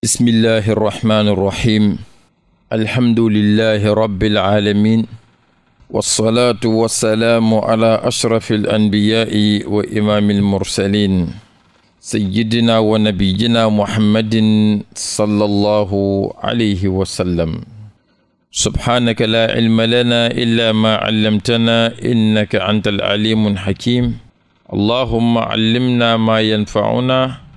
bismillahi irrahmani irrahim alhamdulilahi rabiilalamin walsalaatu walsalaamu ala ashrafi al anbiyaai wa imaami almursalin sayidina wa nabiyina muhammadin sala allahu alayhi wasallam subhaanaka laa cilma lana illa maa callamtana innaka anta alcalimu alxakim allahuma callimna maa yanfacuna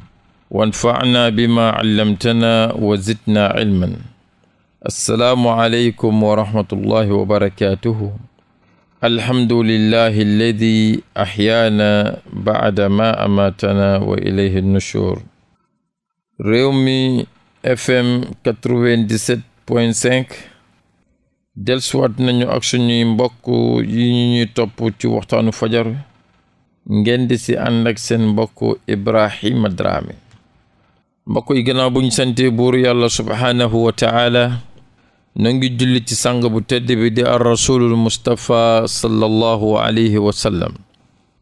wanfanaa bima allamtana wa zidna ilman assalaamu aleykum wa rahmatullahi wa barakatuhu alhamdulillahi alladi axyaana baada ma amaatana wa ilayhi nushur Rewmi FM 97.5 delsuwaat nañu ak suñuy mbokk yi ñu ñuy topp ci waxtaanu fajar ngeen di si ànd ak seen mbokk Ibrahima Dramé mbokk yi gannaaw bu ñu sante buur yàlla subhaanahu wa taala na ngi julli ci sàng bu tedd bi di ar rasulul mustapha sallallahu alayhi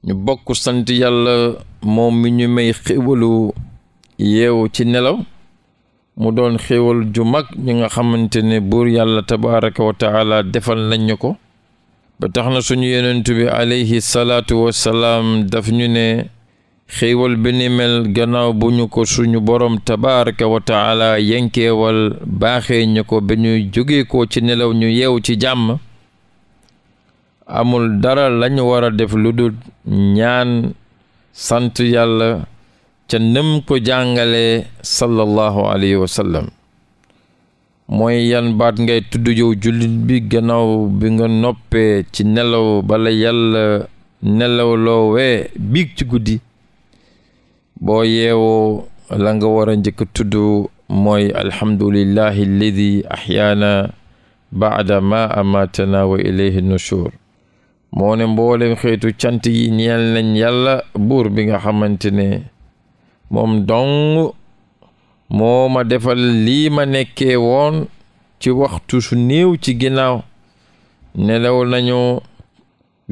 ñu bokk sant yàlla moom mi ñu may xéwalu yeew ci nelaw mu doon xéwal ju mag ñi nga xamante ne buur yàlla tabaraka wa taala defal nañ ñu ko ba tax na suñu yonent bi alayhi salaatu wasalaam daf ñu ne xéewal bi ni gannaaw bu ñu ko suñu borom tabaraka wa taala yenkeewal baaxee ñu ko bi ñuy jóge ko ci nelaw ñu yeew ci jàmm amul dara lañu war a def lu dul ñaan sant yàlla ca nëm ko jàngalee sallallahu alayhi wa mooy yan baat ngay tudd yow jullit bi gannaaw bi nga noppee ci nelaw bala yàlla nelawloo wee biig ci guddi boo yeewoo la nga war a njëkk tudd mooy alhamdulillahi alladi axyaana baada ma amaatana wa ilayhi nushur moo ne mboolem xeetu cant yi ñeel nañ yàlla buur bi nga xamante ne moom dong moo ma defal lii ma nekkee woon ci waxtu su néew ci ginnaaw nelaw nañu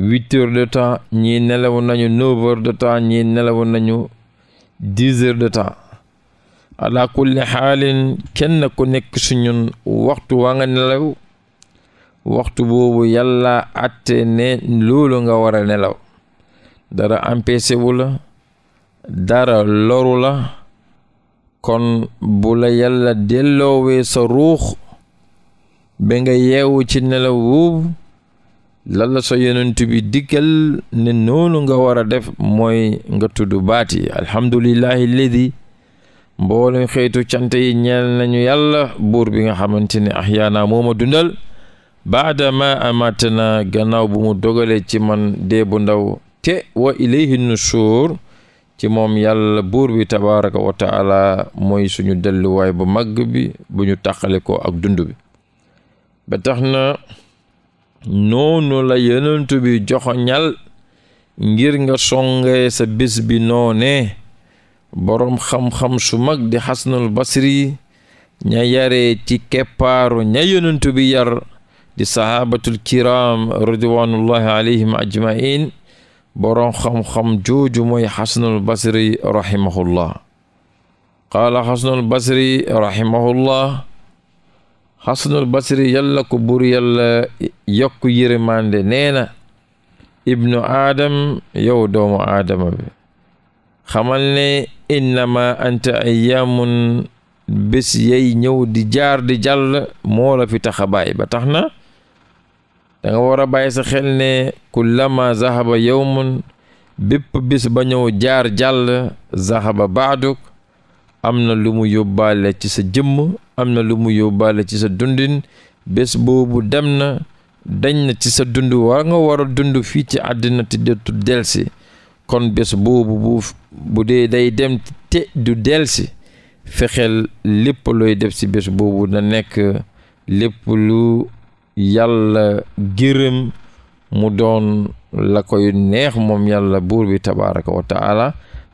huit heures temps ñii nelaw nañu neuf ñi de nelaw nañu dix heures de temps ala kulli xaalin kenn ku nekk su waxtu waa nelaw waxtu boobu yàlla atte ne loolu nga war a nelaw dara empêché wu dara loru la kon bu la yàlla delloowee sa ruux ba nga yeewu ci nelaw boobu lan la sa yonent diggal ne noonu nga war a def mooy nga tudd baat yi alhamdulillahi ledi mboolem xeetu cant yi ñeel nañu yàlla buur bi nga xamante ne ahyaana mooma dundal baada ma amatana gannaaw bu mu dogalee ci man dee bu ndaw te wa ilayhi nusuur ci moom yàlla buur bi tabaraka wa mooy suñu delluwaay bu màgg bi buñu ñu ko ak dund bi ba tax na noonu la yenent bi joxoñal ngir nga songee sa bés bi noone boroom xam-xam su mag di xasanul basri ña yaree ci keppaaru ña yenent bi yar di sahabatul kiram ridwanullahi alayhim ajmain boroom xam-xam jooju mooy xasanul basri rahimahullah basri rahimahullah xasanul basri yàlla ko buur yàlla yokk yërmande nee na ibnu aadam yow doomu aadama bi xamal ne innama anta ayyamun bés yay ñëw di jaar di jàll moo fi tax a bàyyi ba tax na da war a bàyyi sa xel ne kullama zahaba yawmun bépp bés ba ñëw jaar jàll zahaba baaduk am na lu mu yóbbaale ci sa jëmm am na lu mu yóbbaale ci sa dundin bés boobu dem na dañ na ci sa dund war nga war a dund fii ci àddina te dootu delsi kon bés boobu bu dee day dem te du delsi fexeel lépp looy def ci bés boobu na nekk lépp lu yàlla gërëm mu doon la koy neex moom yàlla buur bi tabaaraka wa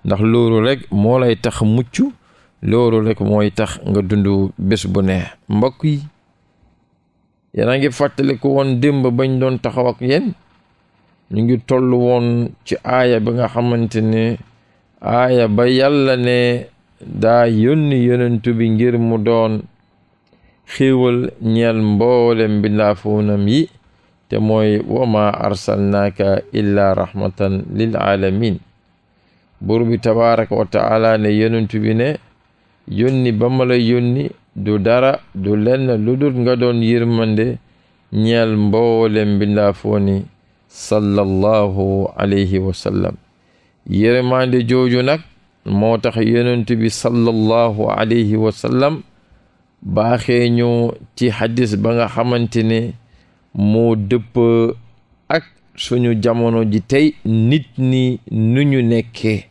ndax loolu rekk moo lay tax mucc loolu rek mooy tax nga dund bés bu neex mbokk yi yéen a ngi fàttaliku woon démb bañ doon taxawak ak ñu ngi toll woon ci aaya ba nga xamante ne aaya ba yàlla ne daa yónni yonentu bi ngir mu doon xiiwal ñeel mboolem bindaafuunam yi te mooy wa ma arsalnaaka illaa rahmatan lil aalamin buur bi tabaraka ne yonentu ne yónni bamala ma yónni du dara du lenn lu dul nga doon yërmande ñal mboolem mbindaafoo ni sallallahu alayhi wa sallam jooju nag moo tax yonent bi sallallahu alayhi wa sallam baaxee ñu ci hadis ba nga xamante ne moo dëpp ak suñu jamono ji tey nit ni nu ñu nekkee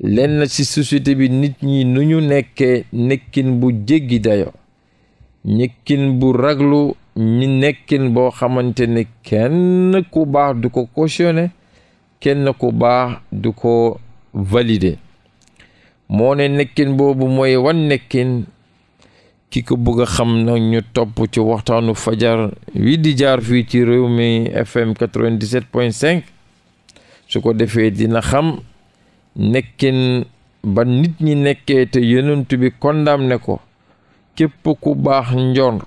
lenn ci société bi nit ñi nu ñu nekkee nekkin bu jéggi dayo nekkin bu raglu ñi nekkin boo xamante ne kenn ku baax du ko cautionné kenn ku baax du ko validé moo ne nekkin boobu mooy wan nekkin ki ko bëgg a xam na ñu topp ci waxtaanu fajar wi di jaar fi ci réew mi FM 97.5 su ko defee dina xam nekkin ba nit ñi nekkee te yonent bi ne ko képp ku baax njoon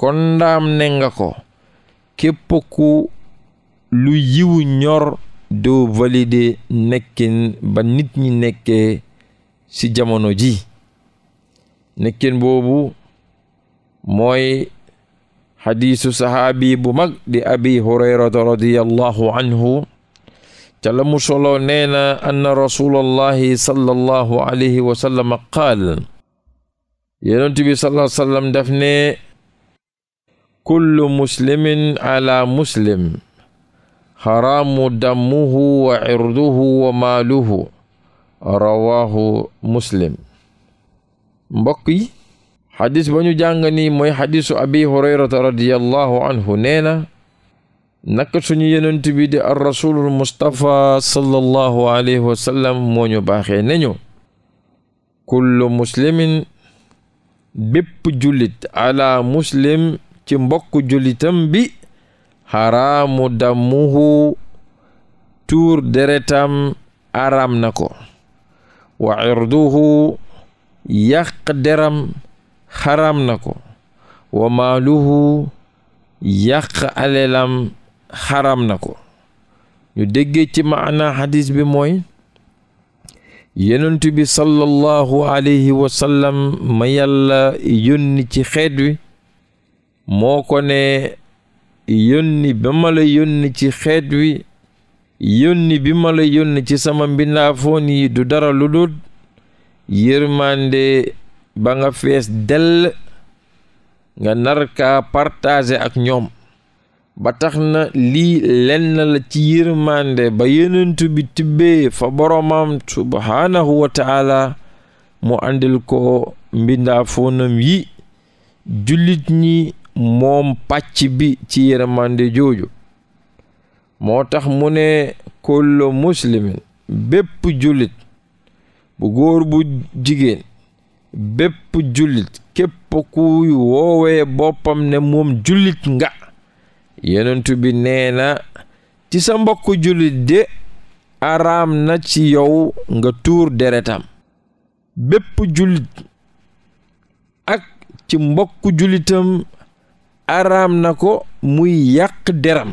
condamné nga ko képp ku lu yiwu ñor doo valide nekkin ba nit ñi nekkee ci jamono ji nekkin boobu mooy xadiisu sahaabi bu mag di abi hurayrata radiyallahu anhu ca la mu soloo nee na anna rasulallahi sallallahu qaal yonent bi sallallahu sallam daf ne kullu ala muslim xaraamu dammuhu wa irduhu wa maaluhu rawaahu muslim mbokk yi xadis ba ñu jàng ni mooy xadisu abi anhu nee naka suñu yenent bi di ar rasulul mustapha sallallahu alayhi wa sallam ñu baaxee nañu kullu muslimin bépp jullit ala muslim ci mbokk jullitam bi xaraamu damuhu tuur deretam araam na ko wa irduhu yàq deram xaraam na ko wa maaluhu yàq alelam xaram na ko ñu déggee ci maana xadis bi mooy yenentu bi sallallahu alayhi wa ma yàlla yónni ci xeet moo ko ne yónni ba ma ci xeet wi yónni bi ma ci sama mbindaafoon du dara lu dul ba nga fees dell nga nar kaa ak ñoom ba tax na lii lenn la ci yërmande ba yenentu bi tibbee fa boromam subhaanahu wa taala mu àndil ko mbindaafoonam yi jullit ñi moom pàcc bi ci yërmande jooju moo tax mu ne kullu muslimin bépp jullit bu góor bu jigéen bépp jullit képp kuy woowee boppam ne moom jullit nga yonent bi nee na ci sa mbokk jullit de araam na ci yow nga tuur deretam bépp jullit ak ci mbokk jullitam araam na ko muy yàq deram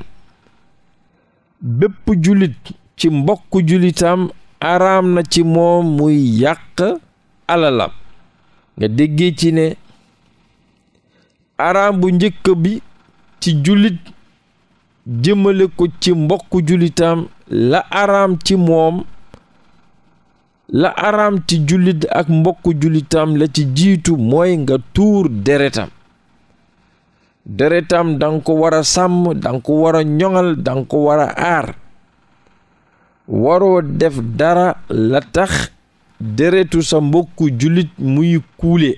bépp jullit ci mbokk jullitam araam na ci moom muy yàq alalam nga déggee ci ne araam bu njëkk bi ci jullit jëmale ko ci mbokk jullitam la araam ci moom la araam ci jullit ak mbokku jullitam la ci jiitu mooy nga tuur deretam deretam danga ko war a sàmm danga ko war ñoŋal danga ko war a aar waroo def dara la tax deretu sa mbokku jullit muy kuule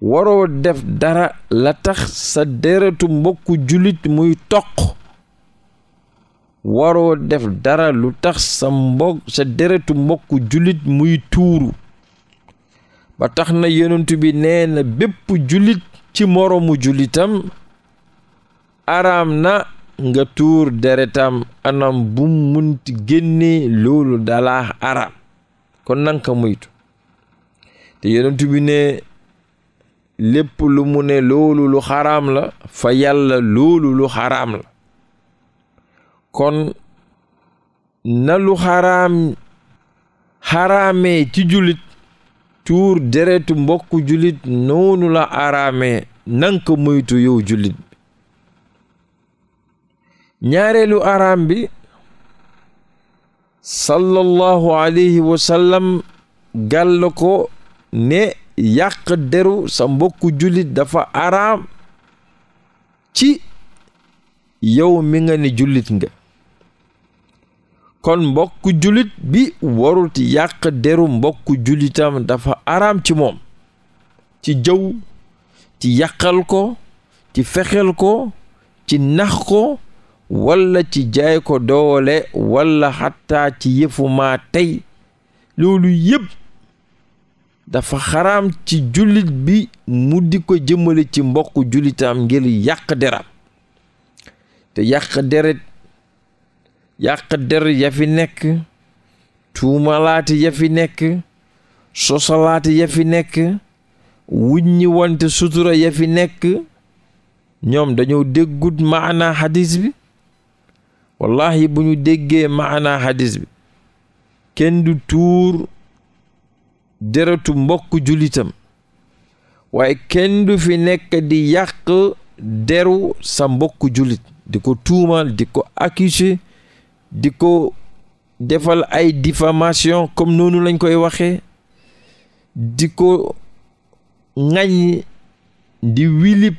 waroo def dara la tax sa deretu mbokku jullit muy toq waroo def dara lu tax sa deretu mbokku julit muy tuuru ba tax na yonent bi nee na bépp jullit ci moroomu julitam araam na nga tuur deretam anam bu munti génne loolu dalaa araam kon nanka muytu te yonent bi lépp lu mu ne loolu lu xaraam la fa yàlla loolu lu xaraam kon nalu lu xaraam xaraamee ci jullit tuur deretu mbokku julit noonu la araamee nanka moytu yow jullit bi ñaareelu araam bi sallallahu alayhi wa sallam ko ne yàq deru sa mbokku jullit dafa araam ci yow mi nga ni jullit nga kon mbokku jullit bi warut yàq deru mbokku jullitam dafa araam ci moom ci jëw ci yàqal ko ci fexel ko ci nax ko walla ci jaay ko doole walla xattaa ci yëfumaa tey loolu yëpp dafa xaraam ci jullit bi mu di ko jëmale ci mbokk jullitaam ngir yàq deram te yàq deret yàq der yafi nekk tuumalaati yafi nekk sosalaati yafi nekk wuññi wante sutura ya fi nekk ñoom dañoo déggut maanaa hadis bi wallahi bu ñu déggee maanaa hadis bi kenn du tuur deretu mbokk jullitam waaye kenn du fi nekk di yàq deru sa mbokk jullit di ko tuumaal di ko accuser di ko defal ay diffamation comme noonu lañu koy waxe di ko ŋaññi di wili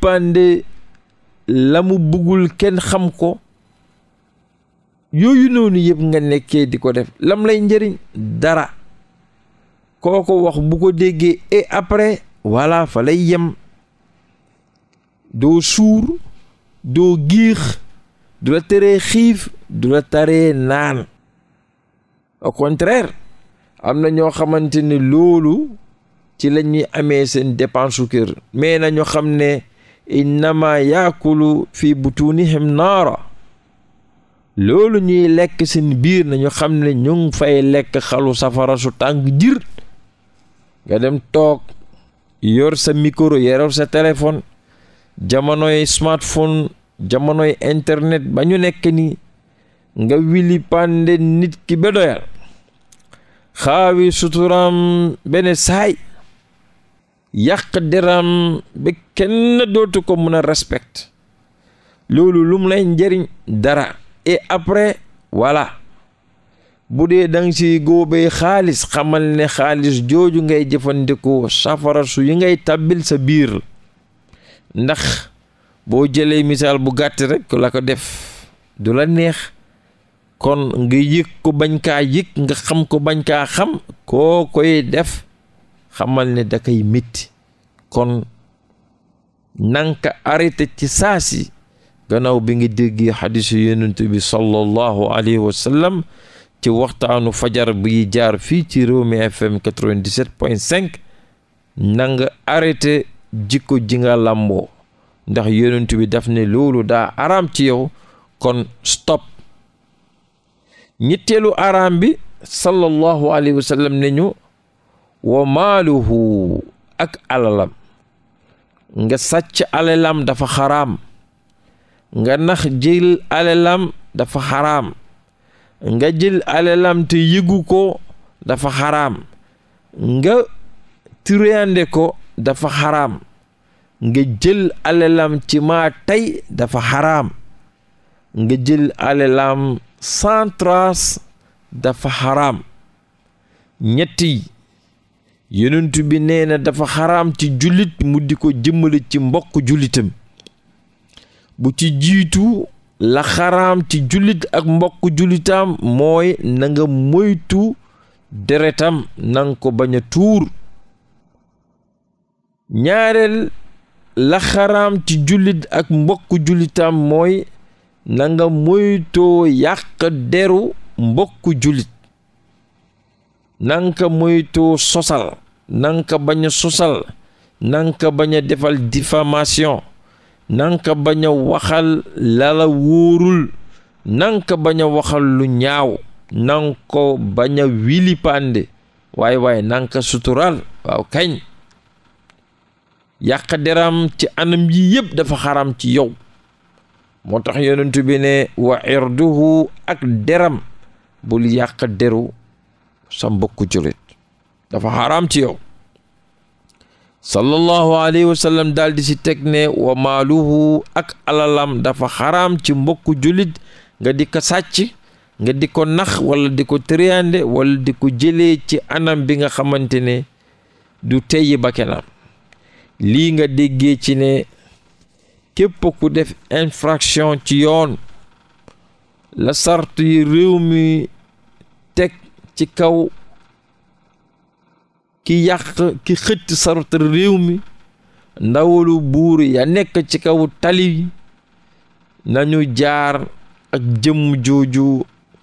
lamu la kenn xam ko yooyu noonu yëpp nga nekkee di ko def lam lay njariñ dara kooko wax bu ko déggee et après voilà fa lay yem doo suur doo giix du la teree xiif du la teree naan au contraire am na ñoo xamante ne loolu ci lañuy amee seen dépense su kër mais nañu xam ne innama yaakulu fi butunihim naara loolu ñuy lekk seen biir nañu xam ne ñu fay lekk xalu safara su tànk jir nga dem toog yor sa micro yor sa téléphone jamonoy smartphone jamonoy internet ba ñu nekk ni nga wili pande nit ki ba doyal xaawi suturaam benn saay yàq deram ba kenn dootu ko mën a respect loolu lum lay njëriñ dara et après voilà bu dee dang ci góobee xaalis xamal ne xaalis jooju ngay jëfandikoo safara su yi ngay tàbbil sa biir ndax boo jëlee misaal bu gàtt rekk la ko def du la neex kon nga yëg ko bañ kaa yëg nga xam ko bañ kaa xam koo koy def xamal ne da koy métti kon nanka arrêté ci saasi gannaaw bi nga déggee xadisu yonent bi sallallahu alayhi wa ci waxtaanu fajar bi jaar fii ci réew Rewmi FM 97.5 na nga arrêté jikko ji nga làmboo ndax yonent bi daf ne loolu daa araam ci yow kon stop ñetteelu araam bi sallallahu alayhi wa sallam ñu wa maaluhu ak alalam nga sàcc alalam dafa xaraam nga nax jël alalam dafa xaraam nga jël alalam te yëgu ko dafa xaram nga tureyande ko dafa xaram nga jël alalam ci maa tey dafa xaraam nga jël alalam sans trace dafa xaram ñetti yonent bi neena dafa xaram ci jullit mu di ko jëmmale ci mbokk jullitam bu ci jiitu la jullit ak mbokk jullitaam mooy na nga moytu deretam nanga ko bañ a tuur ñaareel la ci jullit ak mbokk jullitaam mooy na moytoo yàq deru mbokk jullit nanga ko moytoo sosal nanga bañ a sosal nanga ko bañ a defal diffamation nanka bañ a waxal lala wóorul nanka bañ a waxal lu ñaaw nan ko bañ a wili pande waaye waaye nanka sutural waaw kañ yàq deram ci anam yi yëpp dafa xaram ci yow moo tax yonentu bi ne wa irduhu ak deram bul yàq deru sa mbokku dafa xaram ci yow sallallahu alayhi wa daldi ci di si teg ne wa maaluhu ak alalam dafa xaram ci mbokk jullit nga di ko sàcc nga di ko nax wala di ko tëriande wala di ko jële ci anam bi nga xamante ne du teyyi bakkanam lii nga dégge ci ne képp ku def infraction ci yoon la sart yi réew mi teg ci kaw ki yàq ki xëtt sartar réew mi ndawalu buur ya nekk ci kaw tali nañu jaar ak jëm jooju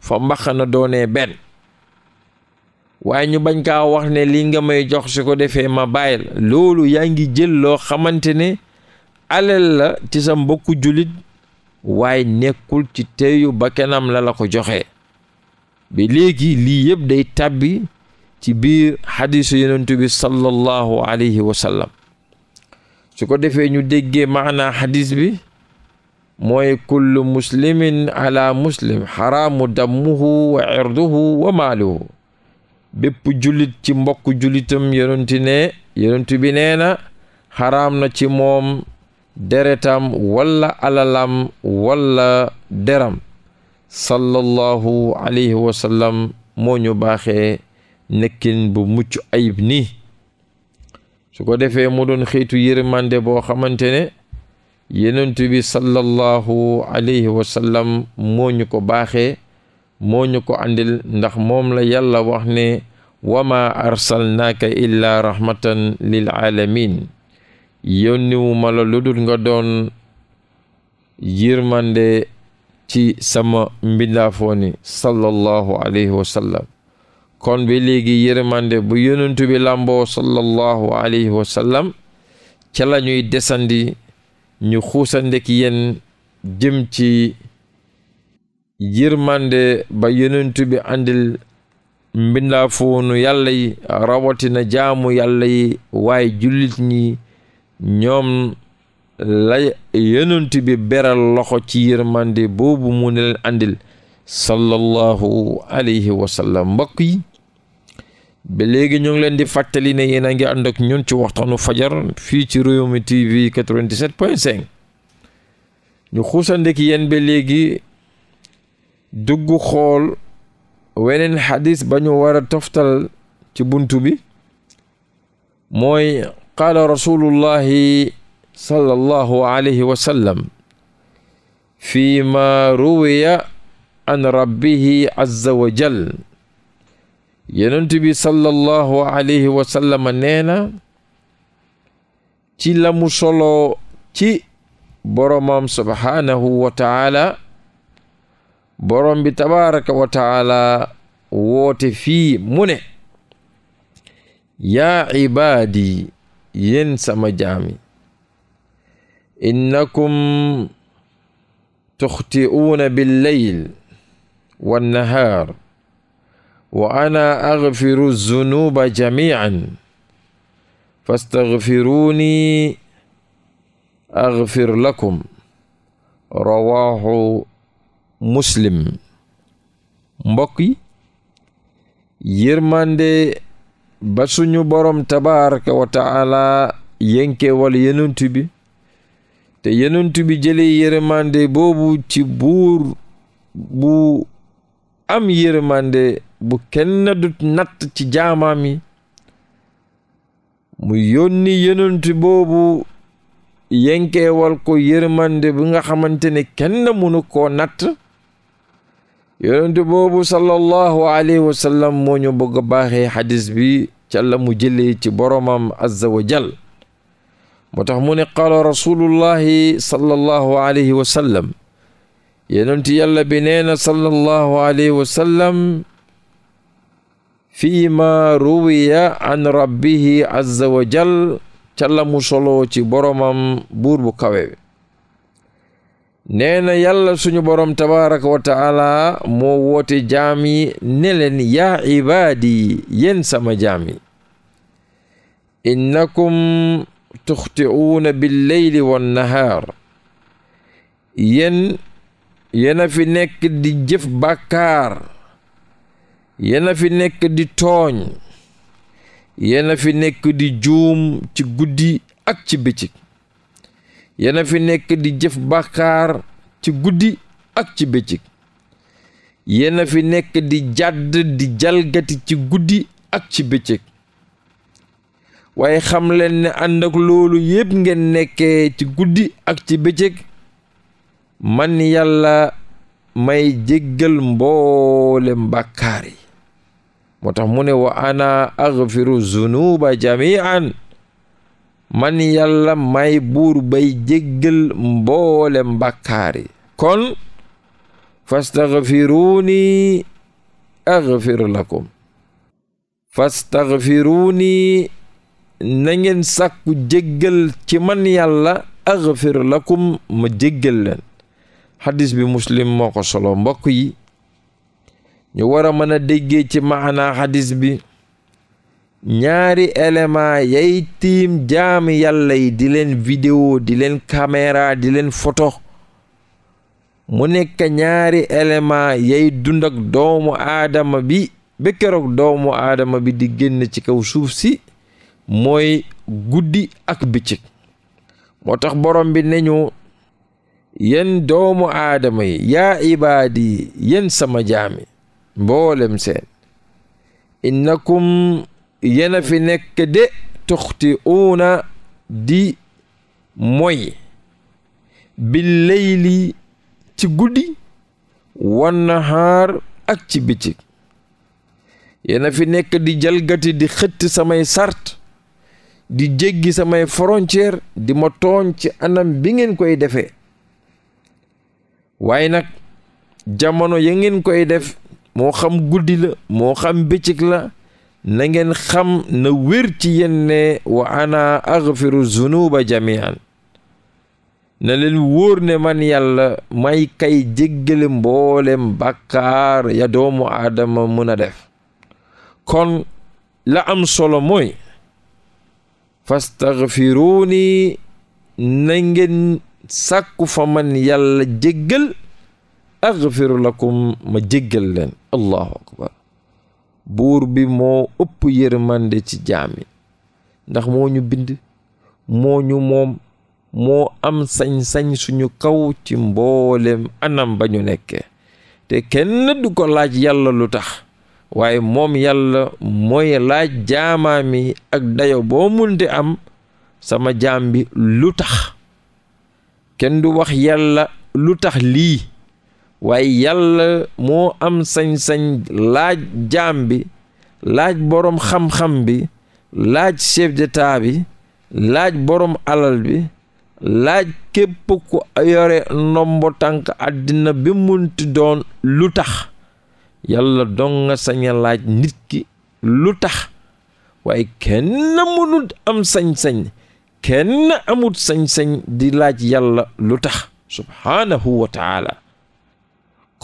fa mbaxana doone benn waaye ñu bañ kaa wax ne lii nga may jox ci ko defee ma bàyyi loolu yaa ngi jël loo xamante ne alal la ci sa mbokku jullit waaye nekkul ci teyu ba kanam la la ko joxe bi léegi lii yëpp day tàbbi ci biir xadisu yonentu bi sallallahu alayhi su ko defee ñu déggee maanaa xadis bi mooy kullu muslimin ala muslim xaraamu dammuhu wa irduhu wa maaluhu bépp jullit ci mbokk jullitam yonentu ne yonentu bi nee na xaraam na ci moom deretam walla alalam walla deram sallallahu alayhi wa moo ñu baaxee nekkin bu mucc ayib nii su ko defee mu doon xeetu yërmande boo xamante ne yenent bi sallallahu alayhi wa sallam ko baaxee mooñu ko andil ndax moom la yàlla wax ne wa ma arsalnaaka illaa rahmatan lil aalamin yónniwu ma la lu dul nga doon yërmande ci sama mbindaafooni sallallahu alayhi wa sallam kon ba léegi yërmande bu yonentu bi làmboo sallallahu alayhi wa sallam ca la ñuy desandi ñu xuusandek yéen jëm ci yërmande ba yonentu bi àndil mbindaafoonu yàlla yi rawatina jaamu yàlla yi waaye jullit ñi ñoom la yonent bi beral loxo ci yërmande boobu mu ne leen àndil sallallahu alayhi wa sallam mbokk yi ba léegi ñu ngi leen di fàttali ne yéen a ngi ànd ak ñun ci waxtaanu fajar fii ci Rewmi TV 97.5 ñu xuusandek yéen ba léegi dugg xool weneen xadis ba ñu war a toftal ci buntu bi mooy qaala rasulullahi sallallahu alayhi wa sallam fi ma ruwiya an rabbihi azza wa jal yonent bi sallallahu alayhi wa sallam nee na ci lamu solo ci boromam subhaanahu wa taala borom bi tabaraka wa taala woote fii mu ne yaa ibaadi yéen sama jaami innakum tuxti'uuna billeyl wannahaar wa ana aghfiru zunuba jami'an fastaghfiruni aghfir lakum rawahu muslim mbokk yi yërmande suñu borom tabaraka wa ta'ala yenkewal yenentu bi te yenentu bi jëlee boobu ci buur bu am yërmande bu kenn du natt ci jaamaam yi mu yónni yenent boobu yenkeewal ko yërmande bi nga xamante ne kenn mënu koo natt yonent boobu sallallahu alayhi wa sallam moo bëgg a baaxee xadis bi calla mu jëlee ci boromam azza wa jal moo tax mu ne qaala rasulullahi sallallahu alayhi wa sallam yonent yàlla sallallahu alayhi wa fii ma ruwiya an rabbihi azza wa jal ca la mu solo ci boromam buur bu kawe nee na yàlla suñu borom tabaraka wa taala moo woote jaami ne leen yaa ibaadi yéen sama jaami innakum tuxti'uuna billeyli wannahaar yéen yéena fi nekk di jëf bakkaar yéen fi nekk di tooñ yéen fi nekk di juum ci guddi ak ci bëccëg yéen fi nekk di jëf bàkkaar ci guddi ak ci bëccëg yéen fi nekk di jàdd di jalgati ci guddi ak ci bëccëg waaye xam leen ne ànd ak loolu yépp ngeen nekke ci guddi ak ci bëccëg man yàlla may jéggal mboolem bàkkaar moo tax mu ne wa ana aghfiru zunuba jamian man yàlla may buur bay jéggal mboole mbàkkaari kon fastaghfiruni aghfir lakum fastaghfiruni na ngeen sàkku jéggal ci man yàlla aghfir lakum ma jéggal leen bi muslim moo ko solo mbokk yi ñu war a mën a déggee ci maanaa xadis bi ñaari élément yay tiim jaami yàlla di leen vidéo di leen caméra di leen photo mu nekk ñaari élément yay dundak doomu aadama bi ba keroog doomu aadama bi di génn ci kaw suuf si mooy guddi ak bëccëg moo tax borom bi ne ñu yéen doomu aadama yi yaa ibaadi yéen sama jaami mboolem seen innakum yéen a fi nekk de tuxtiuuna di moy billeyli ci guddi wannahaar ak ci bëccëg yéen a fi nekk di jalgati di xëtt samay sart di jéggi samay frontière di ma ci anam bi ngeen koy defe waaye nag jamono ya ngeen koy def moo xam guddi la moo xam bëccëg la na ngeen xam na wér ci yéen ne wa ana aghfiru zunuba jamian na leen wóor man yàlla may kay jéggale mboolem bàkkaar ya doomu aadama mën a def kon la am solo mooy fastaghfiruuni na ngeen fa man yàlla jéggal aghfiru lakum ma jéggal leen allahu akbar buur bi moo ëpp yërmande ci jaam ndax moo ñu bind moo ñu moom moo am sañ-sañ suñu kaw ci mboolem anam ba ñu nekkee te kenn du ko laaj yàlla lu tax waaye moom yàlla mooy laaj jaamaami ak dayo boo munte am sama jaam bi lu tax kenn du wax yàlla lu tax lii waaye yàlla moo am sañ-sañ laaj jaam bi laaj boroom xam-xam bi laaj chef d'état bi laaj boroom alal bi laaj képp ku yore ndombo tànk àddina bi munti doon lu tax yàlla dong nga sañ laaj nit ki lu tax waaye kenn mënut am sañ-sañ kenn amut sañ-sañ di laaj yàlla lu tax subhaanahu wa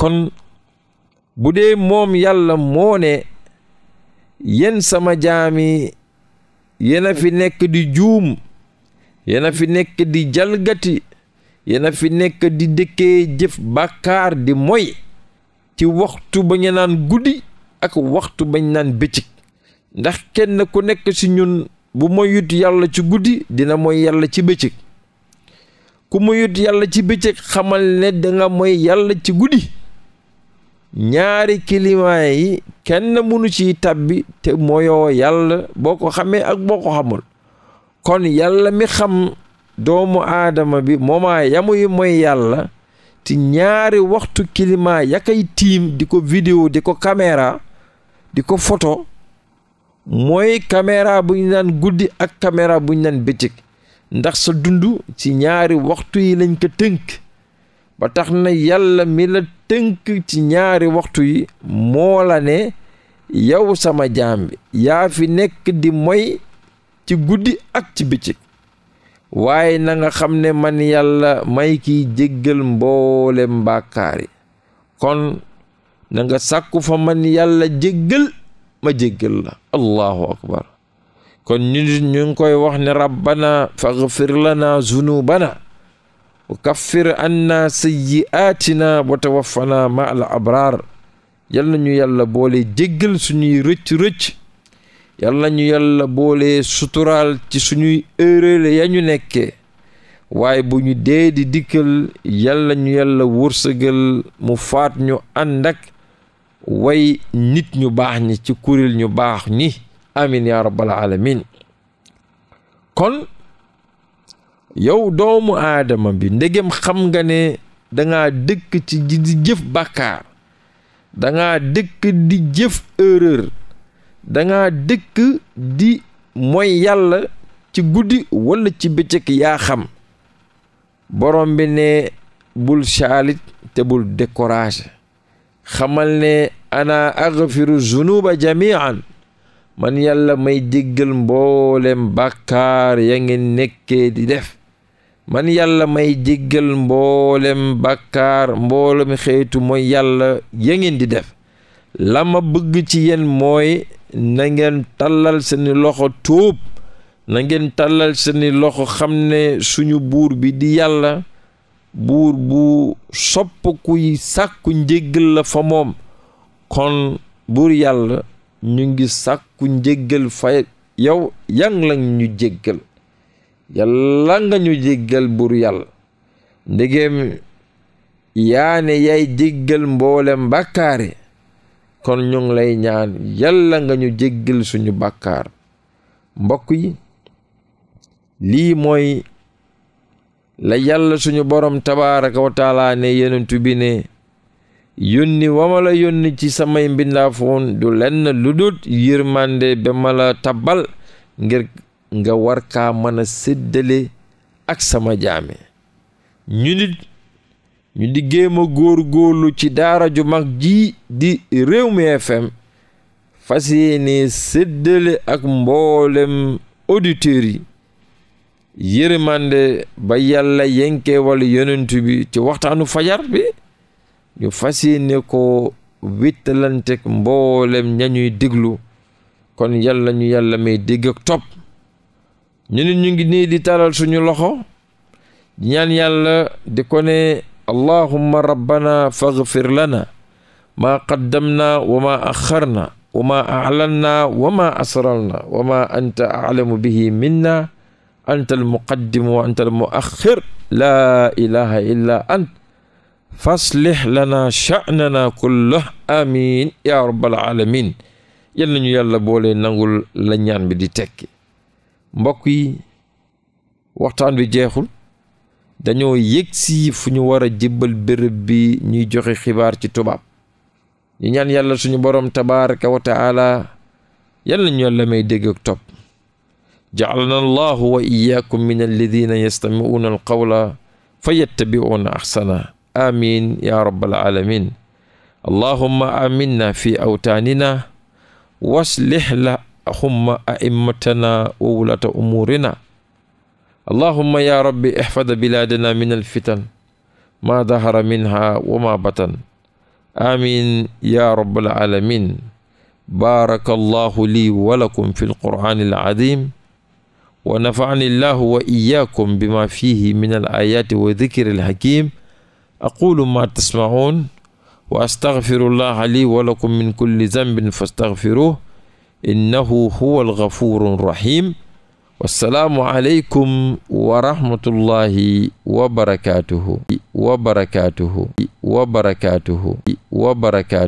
kon bu dee moom yàlla moo yenn sama jaami yéen a fi nekk di juum yéen a fi nekk di jalgati yéen a fi nekk di dëkkee jëf bàkkaar di moy ci waxtu ba naan guddi ak waxtu bañ naan bëccëg ndax kenn ku nekk ci ñun bu moyut yàlla ci guddi dina moy yàlla ci bëccëg ku moyut yàlla ci bëccëg xamal ne danga moy yàlla ci guddi ñaari climat yi kenn mënu ci tabbi te mooyoo yàlla boo ko xamee ak boo ko xamul kon yàlla mi xam doomu aadama bi moomaa yamuy mooy yàlla ci ñaari waxtu climat yakay tiim di ko vidéo di ko caméra di ko photo moy caméra bu ñu guddi ak caméra buñ ñu bitik ndax sa dund ci ñaari waxtu yi lañ ko tënk ba tax na yàlla mila tënk ci ñaari waxtu yi moo la ne yow sama jaam bi yaa fi nekk di moy ci guddi ak ci bëccëg waaye na nga xam ne man yàlla may ki jéggal mboolem bàkkaar kon nanga nga sàkku fa man yàlla jéggal ma jéggal la allahu akbar kon ñu ñu koy wax ne rabbana faghfir lana zunubana wa kaffir anna sayyi'atina wa tawaffana ma al abraar yal nañu yàlla boole jéggal suñuy rëcc-rëcc yal nañu yalla boole sutural ci suñuy erreur ya ñu nekkee waaye bu ñu dee di dikkal yal nañu yàlla wërsëgal mu faat ñu ànd way nit ñu baax ñi ci kuréel ñu baax ni amin ya rabbal alamin kon yow doomu aadama bi ndegem xam nga ne danga dëkk ci di jëf bàkkaar danga dëkk di jëf erreur danga dëkk di moy yàlla ci guddi walla ci bëccëg yaa xam borom bi ne bul saalit te bul découragé xamal ne ana agfiru zunuba jamian man yàlla may jéggal mboolem bàkkaar ya ngeen nekkee di def man yàlla may jéggal mboolem bakkaar mboolem xeetu mooy yàlla ya ngeen di def lama bëgg ci yéen mooy na ngeen tàllal seeni loxo tuub na ngeen tàllal seeni loxo xam ne suñu buur bi di yàlla buur bu sopp kuy sàkku njéggal la fa moom kon buur yàlla ñu ngi sàkku njéggal fa yow yang lañ ñu jéggal yàlla nga ñu jéggal buur yàlla ndegem yaane yay jéggal mboolem bàkkaare kon ñu lay ñaan yàlla nga ñu jéggal suñu bàkkaar mbokk yi lii mooy la yàlla suñu borom tabaaraka wa taala ne yenentu bi ne ci samay mbindaafoon du lenn lu dut yërmande ba ma la tabbal ngir nga war kaa mën a séddale ak sama jaame ñu nit ñu di géem góor góorlu ci daara ju mag ji di réew mi FM fas yéene séddale ak mboolem auditeurs yi yërëmande ba yàlla yenkee wala yonent bi ci waxtaanu fajar bi ñu fas yéene ko wittalantek mboolem ñañuy diglu kon yàlla ñu yàlla may dégg topp ñu nit ñu ngi nii di talal suñu loxo ñaan yàlla di ko ne allahumma rabbana faghfir lana maa qaddamna wa maa axarna wa maa a'lanna wa maa asrarna wa maa anta a'lamu bihi minna anta almuqaddimu wa anta almuaxir laa ilaha illa ant faslih lana sha'nana kullah amin ya rabbal alamin yal nañu yàlla boole nangul la ñaan bi di tekki mbokk yi waxtaan wi jeexul dañoo yëg si fu ñu war a jébbal bërëb bi ñuy joxe xibaar ci tubaab ñu ñaan yàlla suñu borom tabaraka wa taala yal nañu yàlla may dégg ak topp ja'alana allahu wa iyaakum min alladina yastami'uuna alqawla fa yattabi'uuna ahsana amin ya rabbal alamin allahumma aminna fi awtaanina waslih la humma a'immatana wa wulata umurina allahumma ya rabbi ihfad biladana min alfitan ma dahara minha wa ma batan amin ya rabbal alamin barakallahu li wa lakum fi alqur'ani alazim wa nafa'ani allahu wa iyyakum bima fihi min alayati wa dhikri alhakim aqulu ma tasma'un wa astaghfirullaha li wa lakum min kulli dhanbin fastaghfiruhu innahu huwa alghafuru rahim wassalaamu aleykum wa rahmatullahi wa barakatuhu wa barakatuhu wa barakatuhu wa barakatuhu